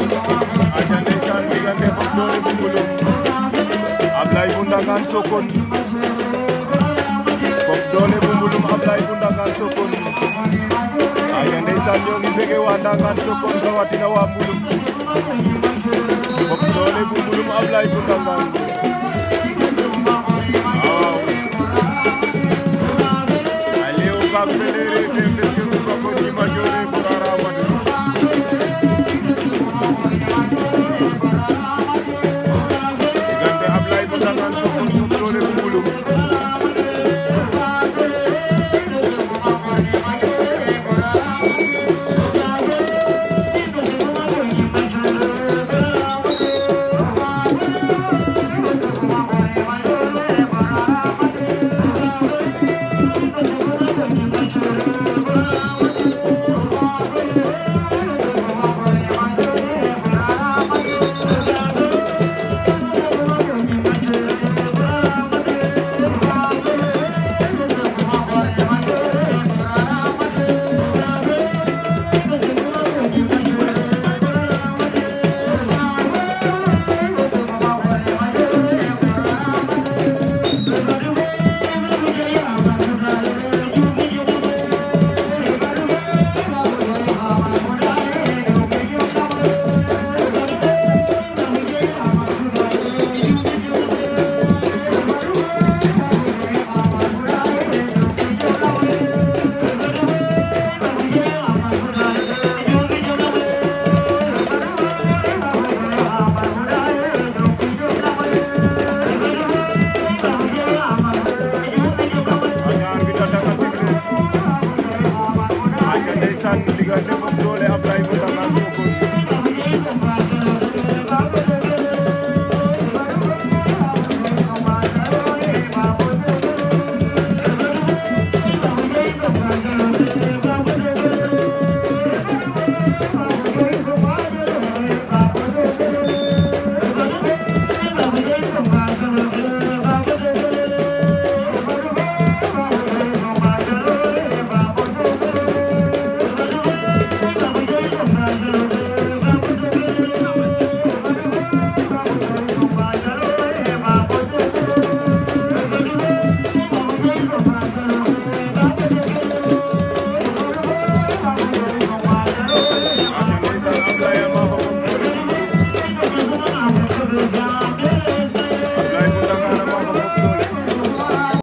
aca ndeysaan diggante Fop Doole bu Mbulum Ablaye bu Ndangaan Sokone Doole bu Mbulum Ablaye bu Ndangaan aca ndeysaan ñoo ngi waa Ndangaan Sokone rawatina waa Mbulum Fop Doole bu Mbulum Ablaye bu Ndangaan Gracias.